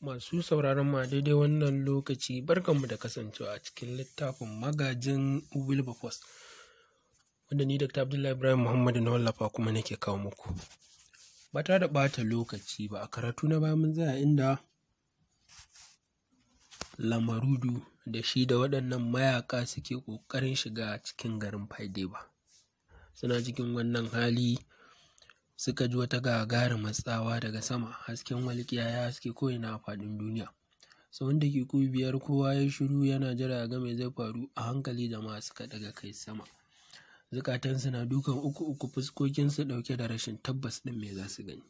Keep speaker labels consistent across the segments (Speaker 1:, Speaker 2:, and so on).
Speaker 1: Masu sauraron ma daidai wannan lokaci barkanmu da kasancewa a cikin littafin magajin Wilberforce wanda ni Dr. Abdullahi Ibrahim Muhammadu na wallafa kuma nake kawo muku. Ba ta da ɓata lokaci ba a karatu na baya mun zaya inda lamarudu da shi da waɗannan mayaka suke ƙoƙarin shiga cikin garin ba. Suna cikin wannan hali suka ji wata gagarumar tsawa daga sama hasken walƙiya ya haske ko'ina a faɗin duniya tsawon daƙiƙu biyar kowa ya shiru yana jira ya ga mai zai faru a hankali jama'a suka ɗaga kai sama zukatansu na dukan uku uku fuskokinsu ɗauke da rashin tabbas ɗin mai za su gani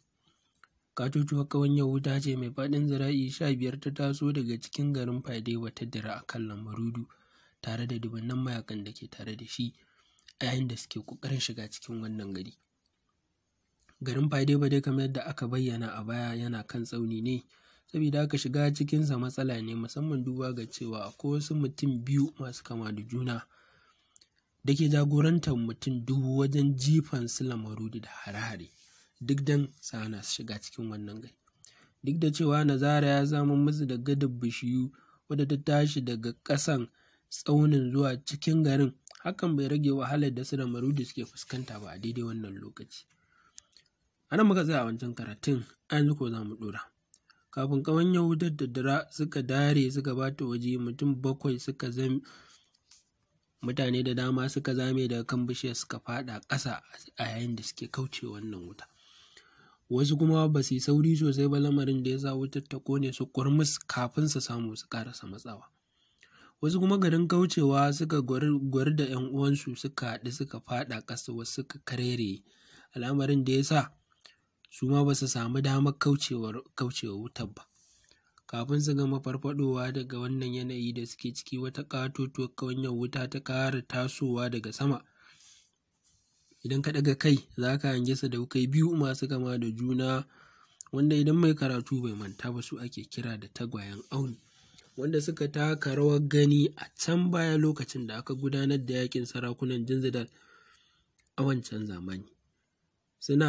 Speaker 1: katotuwar ƙawanyar wuta ce mai faɗin zira'i sha biyar ta taso daga cikin garin faidewa ta dira a kan lamarudu tare da dubunnan mayakan da ke tare da shi a yayin da suke ƙoƙarin shiga cikin wannan gari Garin dai kamar yadda aka bayyana a baya yana kan tsauni ne, saboda haka shiga cikinsa matsala ne musamman duba ga cewa akwai wasu mutum biyu masu kama da juna da ke jagorantar mutum dubu wajen jifan su lamaru da hare-hare duk dan sana su shiga cikin wannan gari. Duk da cewa Nazara ya zama musu da gadar bishiyu wadda ta tashi daga ƙasan tsaunin zuwa cikin garin, hakan bai rage wahalar da su lamarudi suke fuskanta ba a daidai wannan lokaci. a nan muka tsaya a wancan karatun a yanzu ko za mu ɗora kafin kawan yau da dara suka dare suka bata waje mutum bakwai suka zame mutane da dama suka zame daga kan bishiyar suka faɗa ƙasa a yayin da suke kauce wannan wuta wasu kuma ba su yi sauri sosai ba lamarin da ya sa wutar ta kone su kurmus kafin su samu su karasa matsawa wasu kuma garin kaucewa suka gwari da yan uwansu suka haɗu suka faɗa ƙasa wasu suka karere al'amarin da ya sa su ma ba su samu damar kaucewa wutar ba kafin su gama farfadowa daga wannan yanayi da suke ciki wata ƙatotuwar kawanyar wuta ta ƙara tasowa daga sama idan ka ɗaga kai za ka su da kai biyu masu kama da juna wanda idan mai karatu bai manta ba su ake kira da tagwayen auni wanda suka taka rawar gani a can baya lokacin da aka gudanar da yakin sarakunan jinzidal a wancan zamani suna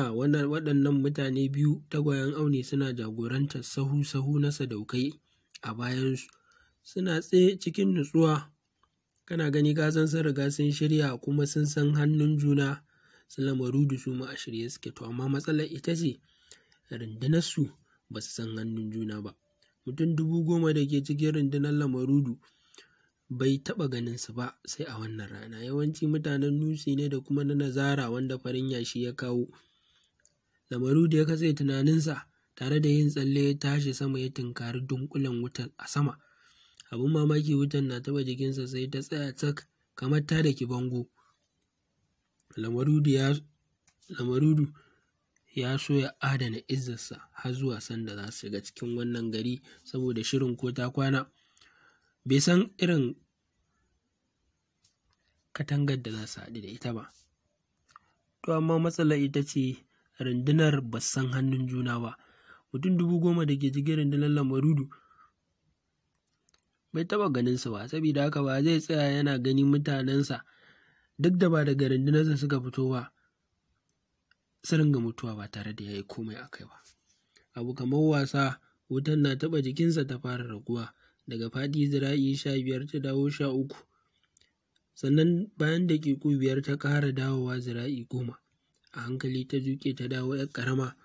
Speaker 1: waɗannan mutane biyu tagwayen auni suna jagorantar sahu-sahu na sadaukai a bayansu suna tsaye cikin nutsuwa kana gani ka san sun riga sun shirya kuma sun san hannun juna su lamarudu su ma a shirye suke to amma matsalar ita ce rundunarsu ba su san hannun juna ba mutum dubu goma da ke cikin rundunar lamarudu bai taɓa ganin su ba sai a wannan rana yawanci mutanen Nusi ne da kuma na Nazara wanda farin yashi ya kawo lamaru da ya katse tunaninsa tare da yin tsalle ya tashi sama ya tunkari dunkulen wutan a sama abin mamaki wutan na taɓa jikinsa sai ta tsaya tsak kamar ta da ki bango lamarudu ya so ya adana izzarsa har zuwa sanda za su shiga cikin wannan gari saboda shirin ko ta kwana bai san irin katangar da za su haɗu da ita ba to amma matsala ita ce rundunar basan hannun juna ba mutum dubu goma da ke cikin rundunar lamarudu bai taɓa ganinsa ba saboda haka ba zai tsaya yana ganin mutanensa duk da ba daga rundunarsa suka fito ba su ringa mutuwa ba tare da ya yi komai a kai ba abu kamar wasa wutan na taɓa jikinsa ta fara raguwa daga faɗi zira'i sha biyar ta dawo sha uku sannan bayan daƙiƙu biyar ta ƙara dawowa zira'i goma a hankali ta juƙe ta dawo ‘yar ƙarama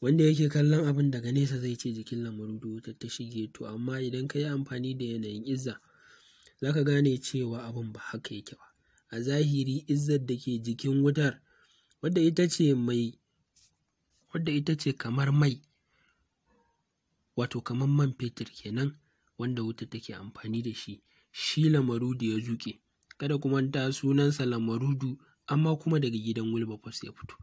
Speaker 1: wanda yake kallon abin daga nesa zai ce jikin lamurdu wutar ta shige to amma idan ka yi amfani da yanayin izza za ka gane cewa abin ba haka yake ba a zahiri izzar da ke jikin wutar wadda ita wadda ita ce kamar mai wato kamar man fetur kenan wanda wuta take amfani da shi shi lamarudu ya zuƙe kada ku manta sunansa lamarudu amma kuma daga gidan wilberforce ya fito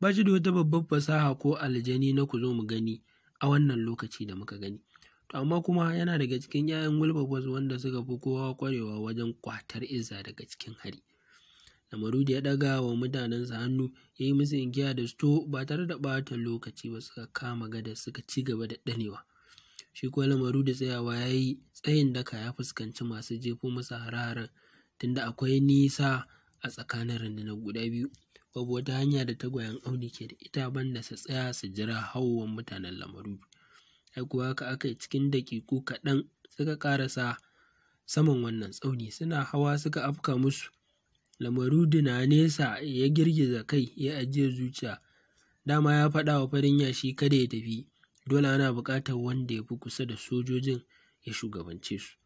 Speaker 1: ba shi da wata babbar fasaha ko aljani na ku zo mu gani a wannan lokaci da muka gani to amma kuma yana daga cikin 'ya'yan wilberforce wanda suka fi kowa kwarewa wajen kwatar izza daga cikin hari Namarudi ya ɗaga wa mutanensa hannu ya yi musu inkiya da su ba tare da ɓata lokaci ba suka kama gada suka ci gaba da ɗanewa. Shi kuwa Namarudi tsayawa ya yi tsayin daka ya fuskanci masu jefo masa hare tunda akwai nisa a tsakanin rundunar guda biyu. Babu wata hanya da tagwayen auni ke da ita banda su tsaya su jira hauwan mutanen lamaru. Ai kuwa haka aka yi cikin daƙiƙu kaɗan suka ƙarasa saman wannan tsauni suna hawa suka afka musu. lamaru na nesa ya girgiza kai ya ajiye zuciya. Dama ya faɗa wa farin yashi kada ya tafi, dole ana buƙatar wanda ya fi kusa da sojojin ya shugabance su.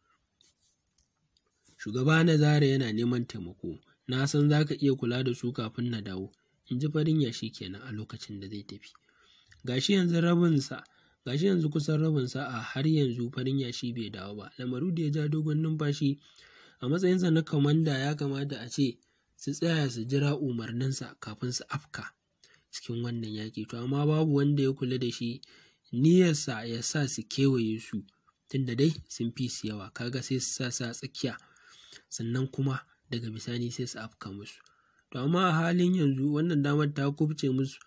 Speaker 1: Shugaba na Zara yana neman taimako, na san za ka iya kula da su kafin na dawo, in ji farin yashi kenan a lokacin da zai tafi. Gashi yanzu rabinsa, gashi yanzu kusan rabin sa'a har yanzu farin yashi bai dawo ba. da ya ja dogon numfashi a matsayinsa na kwamanda ya kamata a ce su tsaya su jira umarninsa kafin su afka cikin wannan yaƙi to amma babu wanda ya kula da shi niyyarsa ya sa su kewaye su tunda dai sun fi su yawa kaga sai su sa su a tsakiya sannan kuma daga bisani sai su afka musu to amma a halin yanzu wannan damar ta kubce musu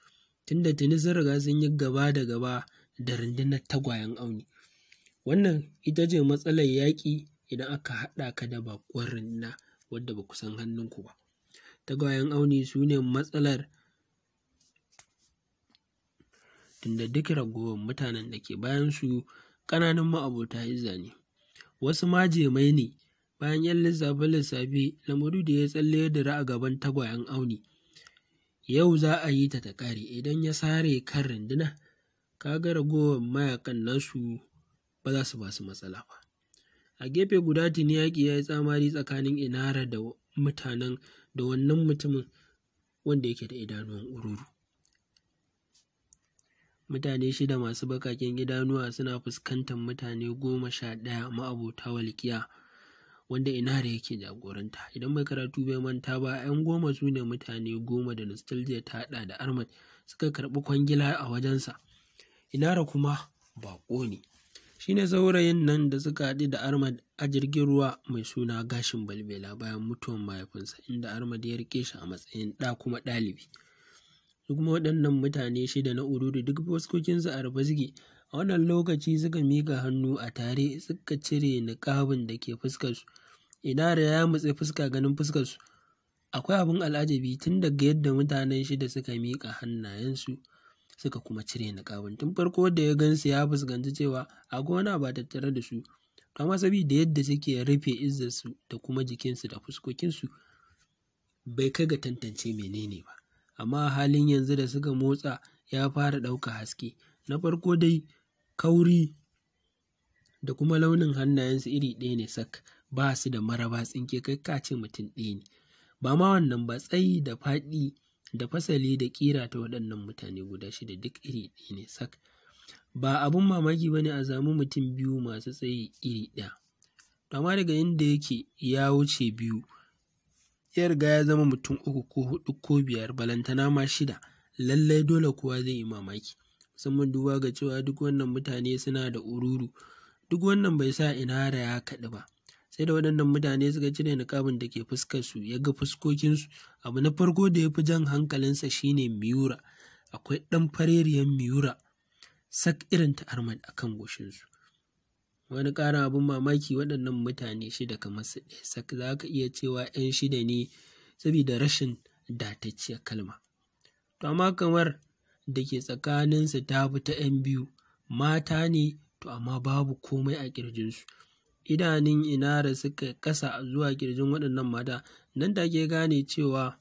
Speaker 1: tunda tuni sun riga sun yi gaba da gaba da rundunar tagwayen auni wannan ita ce matsalar yaƙi idan aka haɗa ka da baƙuwar runduna wadda ba ku san hannunku ba. Tagwayen auni su ne matsalar tunda duk ragowar mutanen da ke bayan su ƙananan ma'abota izza ne. Wasu majemai ne bayan ‘yan lissafe-lissafe lamuru da ya tsalle da ra'a gaban tagwayen auni. Yau za a yi ta ta ƙare idan ya sare kan rinduna, ka ga ragowar mayakan nasu ba za su ba su matsala ba. A gefe guda tuni yaƙi ya yi tsamari tsakanin Inara da mutanen da wannan mutumin wanda yake da idanuwan ururu. Mutane shida masu bakaken idanuwa suna fuskantar mutane goma sha ɗaya ma'abota walƙiya wanda Inara yake jagoranta. Idan mai karatu bai manta ba, 'yan goma su ne mutane goma da Nostalgia ta haɗa da armad suka karɓi kwangila a wajensa. Inara kuma baƙo ne. shine saurayin nan da suka haɗu da Ahmad a jirgin ruwa mai suna gashin balbela bayan mutuwan mahaifinsa inda Ahmad ya rike shi a matsayin ɗa kuma ɗalibi. Su kuma waɗannan mutane shida na ururi duk fuskokinsu a suke a wannan lokaci suka miƙa hannu a tare suka cire niƙabin da ke fuskarsu. da ya mutse fuska ganin fuskarsu. Akwai abin al'ajabi tun daga yadda mutanen shida suka miƙa hannayensu suka kuma cire niƙabin tun farko da ya gansu ya fuskanci cewa a gona ba ta tare da su amma sabida yadda suke rufe izzarsu da kuma jikinsu da fuskokinsu bai kai ga tantance menene ba amma halin yanzu da suka motsa ya fara ɗauka haske na farko dai kauri da kuma launin hannayensu iri ɗaya ne sak ba su da maraba tsinke kai ka mutum ɗaya ne ba ma wannan ba tsayi da faɗi da fasali da ƙira ta waɗannan mutane guda shida duk iri ɗaya ne sak ba abun mamaki ba ne a zamu mutum biyu masu tsayi iri ɗaya to amma daga inda yake ya wuce biyu ya riga ya zama mutum uku ko huɗu ko biyar balantana ma shida lallai dole kowa zai yi mamaki musamman duba ga cewa duk wannan mutane suna da ururu duk wannan bai sa inara ya kaɗi ba sai da waɗannan mutane suka cire niƙabin da ke su ya ga fuskokinsu abu na farko da ya fi jan hankalinsa shine Miura, akwai ɗan fareriyan Miura. sak irin ta armad a kan goshinsu wani ƙara abin mamaki waɗannan mutane shida kamar su ɗaya sak za ka iya cewa 'yan shida ne saboda rashin datacciyar kalma to amma kamar da ke tsakaninsu ta fi ta 'yan biyu mata ne to amma babu komai a ƙirjinsu idanun inara suka kasa zuwa kirjin waɗannan mata nan da ke gane cewa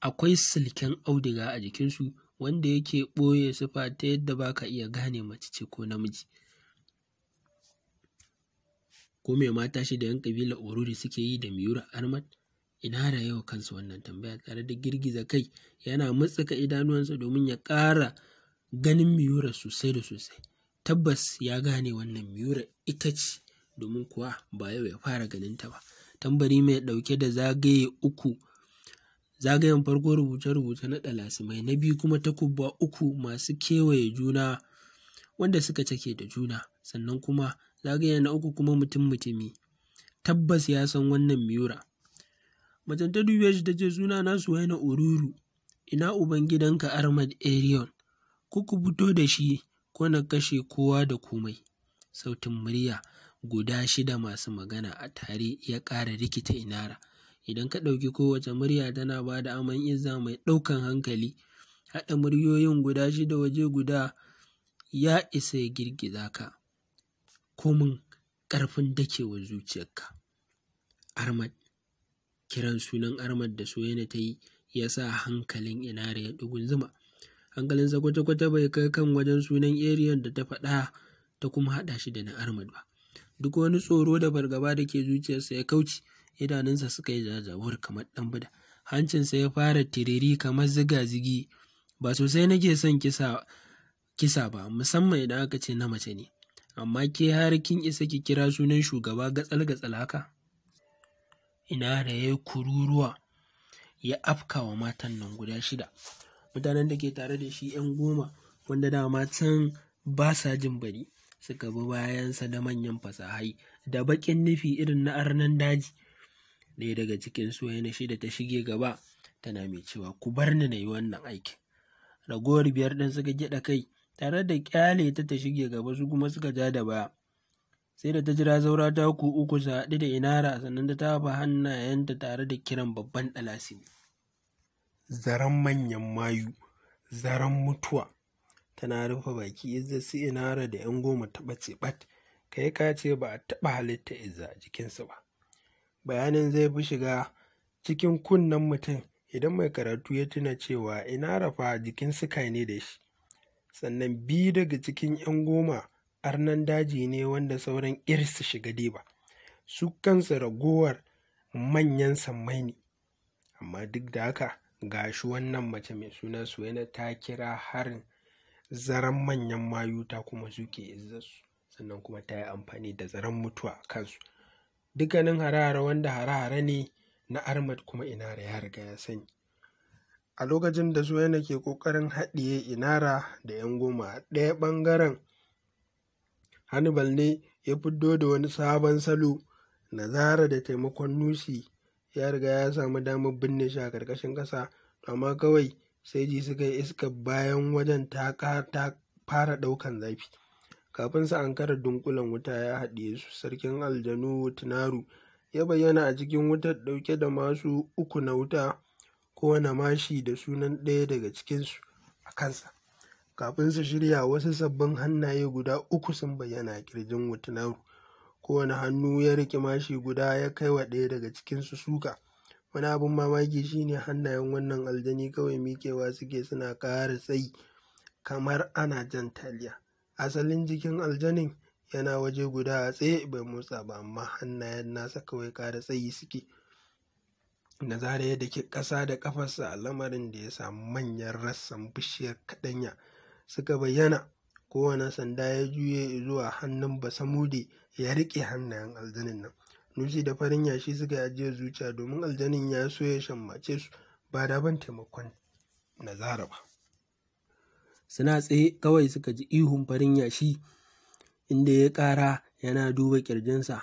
Speaker 1: akwai silken auduga a jikinsu wanda yake ɓoye su ta yadda ba ka iya gane mace ce ko namiji ko mai mata shi da 'yan ƙabilar oruri suke yi da miyura armat ina da yau kansu wannan tambaya tare da girgiza kai yana mutsuka idanuwansa domin ya ƙara ganin miyura sosai da sosai tabbas ya gane wannan miura ita ce domin kuwa ba yau ya fara ganin ta ba tambari mai ɗauke da zagaye uku zagayen farko rubuce-rubuce na ɗalasimai na biyu kuma takubba uku masu kewaye juna wanda suka cake da juna sannan kuma zagaye na uku kuma mutum mutumi tabbas ya san wannan miura macen ta dubiya shi ta ce suna na waina ururu ina ubangidanka armad arion kuku ku fito da shi ko na kashe kowa da komai. Sautin murya guda shida masu magana a tare ya ƙara rikita Inara. Idan ka ɗauki kowace murya tana ba da aman izza mai ɗaukan hankali, haɗa muryoyin guda shida waje guda ya isa ya girgiza ka, komin ƙarfin dakewa zuciyarka. Armad, kiran sunan Armad da Soyayya ta yi ya sa hankalin Inara ya ɗugunzuma. hankalinsa kwata-kwata bai kai kan wajen sunan eriyan da ta faɗa ta kuma haɗa shi da na armad ba duk wani tsoro da fargaba da ke zuciyarsa ya kauce idanunsa suka yi jajawar kamar ɗan bada, hancinsa ya fara tiriri kamar ziga ba sosai nake son kisa ba musamman idan aka ce na mace ne amma ke har kin isa ki kira sunan shugaba gatsal-gatsal haka ina da ya kururuwa ya afka wa matan nan guda shida mutanen da ke tare da shi 'yan goma wanda dama can ba sa jin bari suka bi bayansa da manyan fasahai da baƙin nufi irin na arnan daji ɗaya daga cikin su na shida ta shige gaba tana mai cewa ku bar ni na yi wannan aikin ragowar biyar ɗin suka gyaɗa kai tare da ƙyale ta ta shige gaba su kuma suka ja da baya sai da ta jira zaura ta ku uku sa haɗu da inara sannan ta tafa hannayenta tare da kiran babban ɗalasini zaren manyan mayu zaren mutuwa tana rufe baki izza su inara da yan goma ta bace ɓat kai ka ce ba a taɓa halitta izza a jikinsu ba bayanin zai fi shiga cikin kunnen mutum idan mai karatu ya tuna cewa inara fa jikin suka ne da shi sannan biyu daga cikin 'yan goma arnan daji ne wanda sauran irsu shiga ba, su kansa ragowar manyan sammai ne amma duk da haka Ga shi wannan mace mai suna Suwaina ta kira harin zaren manyan mayu ta kuma suke izzarsu sannan kuma ta yi amfani da zaren mutuwa a kansu dukkanin hare wanda hare ne na armad kuma inara ya riga ya sani a lokacin da yana ke kokarin haɗiye inara da yan goma a ɗaya ɓangaren hannibal ne ya fiddo da wani sabon salo na zara da taimakon nusi ya riga ya samu damar binne shi a ƙarƙashin ƙasa amma kawai sai ji suka yi iska bayan wajen ta fara ɗaukan zafi kafin su ankara dunkulan wuta ya haɗiye su sarkin aljanu tunaru ya bayyana a cikin wutar ɗauke da masu uku na wuta kowane mashi da sunan ɗaya daga cikinsu a kansa kafin su shirya wasu sabbin hannaye guda uku sun bayyana a kirjin wutunaru kowane hannu ya riƙe mashi guda ya kai wa ɗaya daga cikinsu suka. Wani abin mamaki shine hannayen wannan aljani kawai miƙewa suke suna ƙara tsayi kamar ana jan taliya. Asalin jikin aljanin yana waje guda a tsaye bai motsa ba amma hannayen nasa kawai ƙara tsayi suke. Na zarar ya daki ƙasa da ƙafarsa a lamarin da ya samu manyan rassan bishiyar kaɗanya suka bayyana kowane sanda ya juye zuwa hannun basamude ya riƙe hannayen aljanin nan nusi da farin yashi suka yi ajiyar zuciya domin aljanin ya so ya shammace su ba da ban taimakon nazara ba suna tsaye kawai suka ji ihun farin yashi inda ya ƙara yana duba ƙirjinsa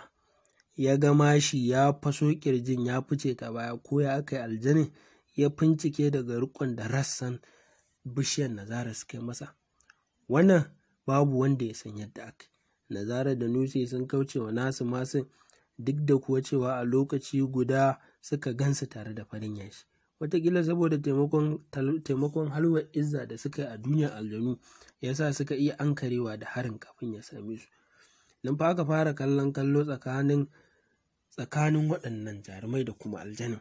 Speaker 1: ya ga shi ya faso kirjin ya fice ta baya ko ya aka yi aljanin ya fincike daga rikon da rassan bishiyar nazara suka yi masa wannan babu wanda ya san yadda aka nazara da nutse sun kauce wa nasu masu duk da kuwa cewa a lokaci guda suka gansu tare da farin yashi watakila saboda taimakon halwar izza da suka yi a duniyar aljanu ya sa suka iya ankarewa da harin kafin ya same su nan fa aka fara kallon kallo tsakanin tsakanin waɗannan jarumai da kuma aljanin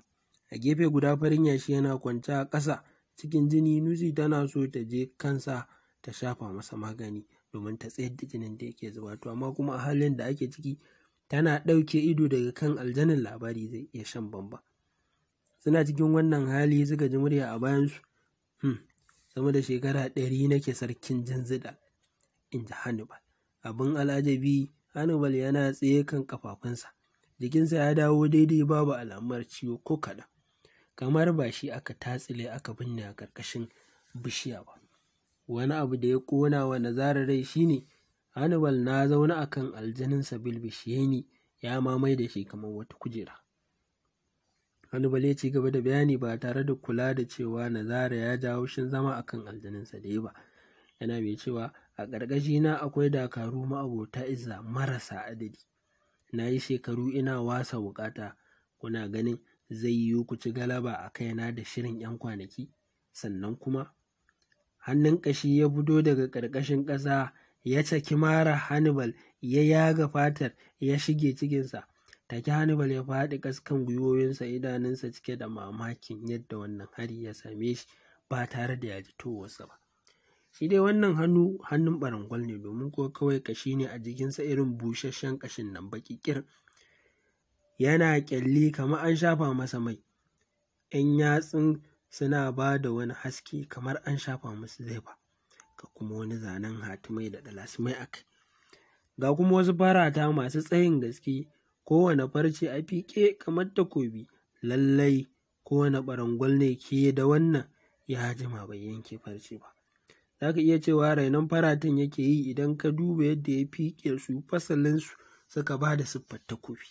Speaker 1: a gefe guda farin yashi yana kwance a ƙasa cikin jini nusi tana so ta je kansa ta shafa masa magani domin ta tsayar da jinin da yake zuba to amma kuma a halin da ake ciki tana ɗauke ido daga kan aljanin labari zai iya shan bamba suna cikin wannan hali suka ji murya a bayansu hmm. sama da shekara ɗari nake sarkin zida in ji hannibal abin al'ajabi hannibal yana tsaye kan kafafunsa jikinsa ya dawo daidai babu alamar ciwo ko kaɗan kamar ba shi aka tatsile aka binne a ƙarƙashin bishiya ba wani abu da ya ƙona wa nazarar rai shine Hannibal na zaune a kan aljaninsa Bilbishiyeni ya mamaye da shi kamar wata kujera. Hannibal ya ci gaba da bayani ba tare da kula da cewa Nazara ya ja haushin zama a kan aljaninsa da ba. Yana mai cewa a ƙarƙashina akwai dakaru ma'abota iza marasa adadi. Na yi shekaru ina wasa wuƙata kuna ganin zai yiwu ku ci galaba a kaina da shirin 'yan kwanaki sannan kuma hannun ƙashi ya budo daga ƙarƙashin ƙasa ya caki mara hannibal ya yaga fatar ya shige cikinsa take hannibal ya faɗi ƙaskan gwiwoyinsa idanunsa cike da mamakin yadda wannan hari ya same shi ba tare da ya ji towarsa ba shi dai wannan hannu hannun barangwal ne domin ko kawai kashi ne a jikinsa irin busasshen ƙashin nan baƙi kir yana ƙyalli kamar an shafa masa mai 'yan yatsun suna ba da wani haske kamar an shafa musu ba, ga kuma wani zanen hatimai da dalasimai a kai ga kuma wasu farata masu tsayin gaske kowane farce a fiƙe kamar takobi lallai kowane ɓarangwal ne ke da wannan ya jima bai yanke farce ba za ka iya cewa rainon faratin yake yi idan ka duba yadda ya fiƙe su fasalinsu suka ba da siffar takobi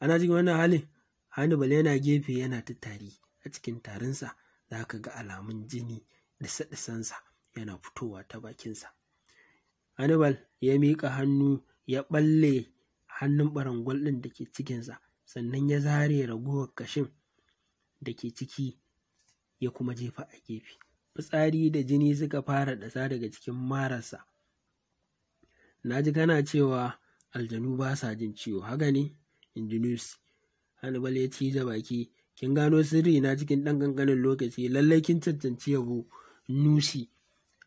Speaker 1: ana cikin wannan halin hannibal yana gefe yana tattari a cikin tarinsa za ka ga alamun jini disa-disansa yana fitowa ta bakinsa hannibal ya miƙa hannu ya ɓalle hannun ɓarangol ɗin da ke cikinsa sannan ya zare ragowar kashin da ke ciki ya kuma jefa a gefe fitsari da jini suka fara ɗasa daga cikin mararsa na ji kana cewa aljanu ba sa jin ciwo haka ne in ji hannibal ya ci baki Kin gano sirri na cikin ɗan ƙanƙanin lokaci, lallai kin cancanci yabo, Nusi,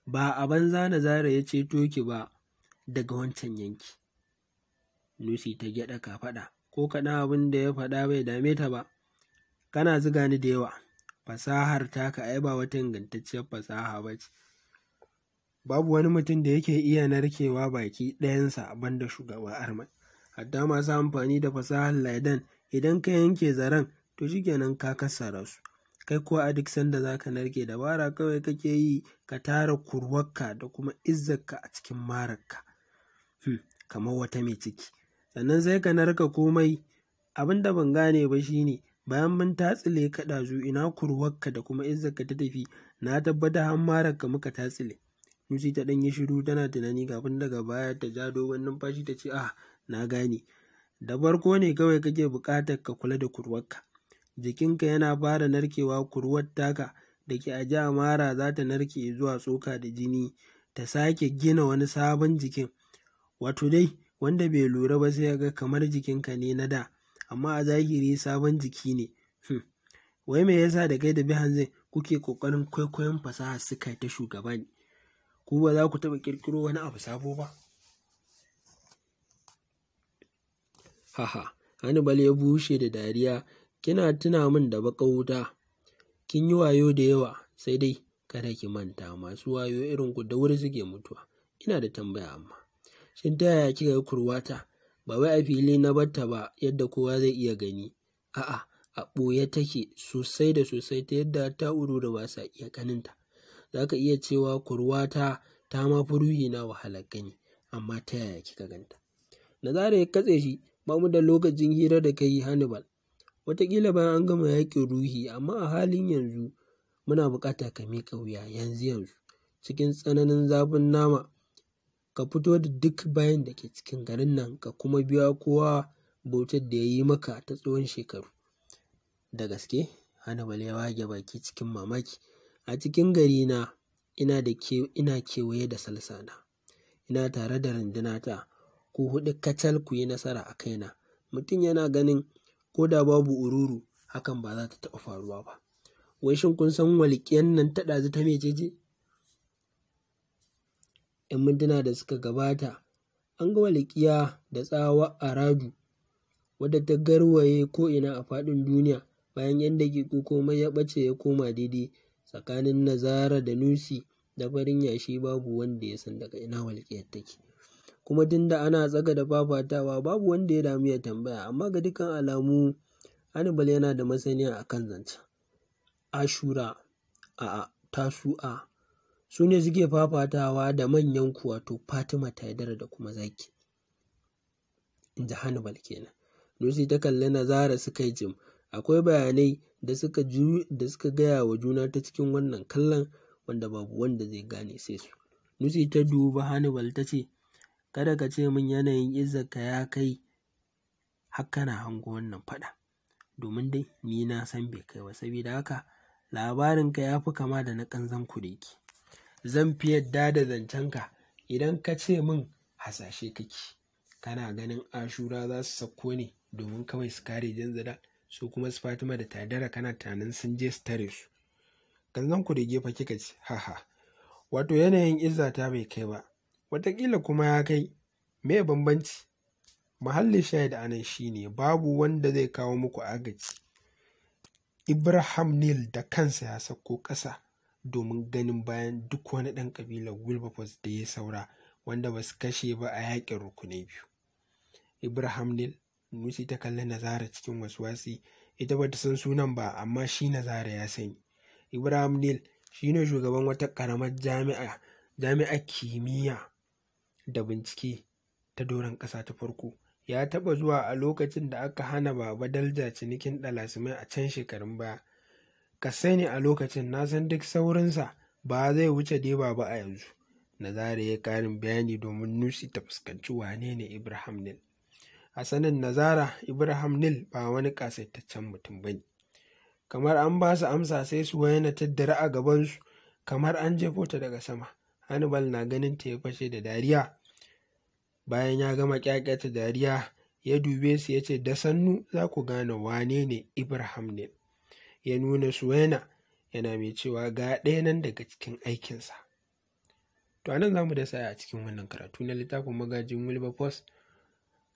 Speaker 1: ba a banza zara ya ceto ki ba daga wancan yanki. Nusi ta gyaɗa kafaɗa, ko kaɗa abin da ya faɗa bai dame ta ba, kana ziga ni da yawa, fasahar taka ai ba wata ingantacciyar fasaha ba ce. Babu wani mutum da yake iya narkewa baki ɗayansa banda shugaba Arman. Hatta masu amfani da fasahar Laidan idan ka yanke zaren to shikenan ka kassara su kai kuwa a duk sanda za ka narke dabara kawai kake yi ka tara kurwarka da kuma izzarka a cikin mararka hmm, kamar wata mai ciki sannan sai ka narka komai abin da ban gane ba shine bayan mun tatsile ka ɗazu ina kurwakka da kuma izzarka ta tafi na tabbata har mararka muka tatsile nusi ta ɗanyi shiru tana tunani kafin daga baya ta ja dogon numfashi ta ce ah na gane da farko ne kawai kake buƙatar ka kula da kurwakka jikinka yana fara narkewa kurwar taka da ke a a mara za ta narke zuwa tsoka da jini ta sake gina wani sabon jikin wato dai wanda bai lura ba sai ga kamar jikinka ne na da amma a zahiri sabon jiki ne hmm. wai me yasa da kai da bihan zai kuke kokarin kwaikwayon fasaha suka ta shugaba ne ku ba za ku taɓa ƙirƙiro wani abu sabo ba haha hannibal ya bushe da dariya Kina tuna min da baƙar wuta, kin yi wayo da yawa, sai dai kada ki manta masu wayo irin ku da wuri suke mutuwa. Ina da tambaya amma, shin ta yaya kika yi kurwata? Ba wai a fili na batta ba yadda kowa zai iya gani. A'a, a ɓoye take sosai da sosai ta yadda uru da sa iya ganinta. Za ka iya cewa kurwata ta ma fi na wahala gani, amma ta yaya kika ganta? Nazara ya katse shi, ba mu da lokacin hira da kai Hannibal. Wataƙila bayan an gama yaƙin ruhi amma a halin yanzu muna buƙata ka miƙa wuya yanzu yanzu cikin tsananin zafin nama. Ka fito da duk bayan da ke cikin garin nan ka kuma biya kowa bautar da ya yi maka ta tsawon shekaru. Da gaske, hana Hannibal ya wage baki cikin mamaki. A cikin gari na ina da ke ina kewaye da salsana. Ina tare da rundunata. Ku huɗu kacal ku yi nasara a kaina. Mutum yana ganin ko da babu ururu hakan ba za ta taɓa faruwa ba. Wai shin kun san walƙiyan nan ta ɗazu ta mece ce? ‘Yan mintuna da suka gabata an ga walƙiya da tsawa a radu wadda ta garwaye ko'ina a faɗin duniya bayan ‘yan daƙiƙu komai ya ɓace ya koma daidai tsakanin Nazara da Nusi da farin yashi babu wanda ya san daga ina walƙiyar take. kuma tunda ana tsaka da fafatawa babu wanda ya damu ya tambaya amma ga dukkan alamu Hannibal yana da masaniya a kan zance Ashura a tasu'a su ne suke fafatawa da manyan ku wato Fatima Taidar da kuma Zaki. In ji Hannibal kenan. Lucy ta kalli Nazara suka yi jim. Akwai bayanai da suka da suka gaya wa juna ta cikin wannan kallon wanda babu wanda zai gane sai su. Lucy ta duba Hannibal ta ce, kada ka ce min yanayin ka ya kai har kana hango wannan faɗa domin dai ni na san bai kai ba saboda haka labarinka ya fi kama da na kanzan kureki zan fi yadda da zancenka idan ka ce min hasashe kake kana ganin ashura za su sauko ne domin kawai su kare zada, su kuma su fatima da tadara kana tunanin sun je su tare su ganzan ku da kika ce ha, wato yanayin izza ta bai kai ba wataƙila kuma ya kai me bambanci muhallin shahid anan nan shine babu wanda zai kawo muku agaji ibrahim nil da kansa ya sako ƙasa domin ganin bayan duk wani ɗan ƙabilar wilberforce da ya saura wanda ba su kashe ba a yaƙin rukunai biyu ibrahim nil nusi ta kalli nazara cikin waswasi ita bata san sunan ba amma shi nazara ya sani ibrahim nil shine shugaban wata ƙaramar jami'a jami'ar kimiyya da bincike ta doron ƙasa ta farko ya taɓa zuwa a lokacin da aka hana baba dalja cinikin ɗalasimai a can shekarun baya ka sani a lokacin na san duk saurinsa ba zai wuce dai ba a yanzu nazare ya karin bayani domin nusi ta fuskanci wane ne ibrahim nil a sanin nazara ibrahim nil ba wani ƙasaitaccen mutum ba ne kamar an ba su amsa sai su wayana taddara a gabansu kamar an jefo ta daga sama hannibal na ganin ta ya fashe da dariya bayan ya gama kyakyata dariya ya dube su ya ce da sannu za ku gane wane ne ibrahim ne ya nuna suwena yana mai cewa ga ɗaya nan daga cikin aikinsa to anan za mu da saya a cikin wannan karatu na littafin magajin wilbur post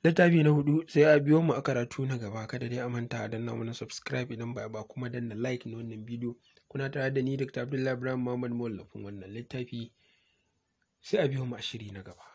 Speaker 1: littafi na hudu sai a biyo mu a karatu na gaba kada dai a manta a danna mana subscribe idan ba ba kuma danna like na wannan bidiyo kuna tare da ni dr abdullahi ibrahim muhammad mawallafin wannan littafi sai a biyo mu a shiri na gaba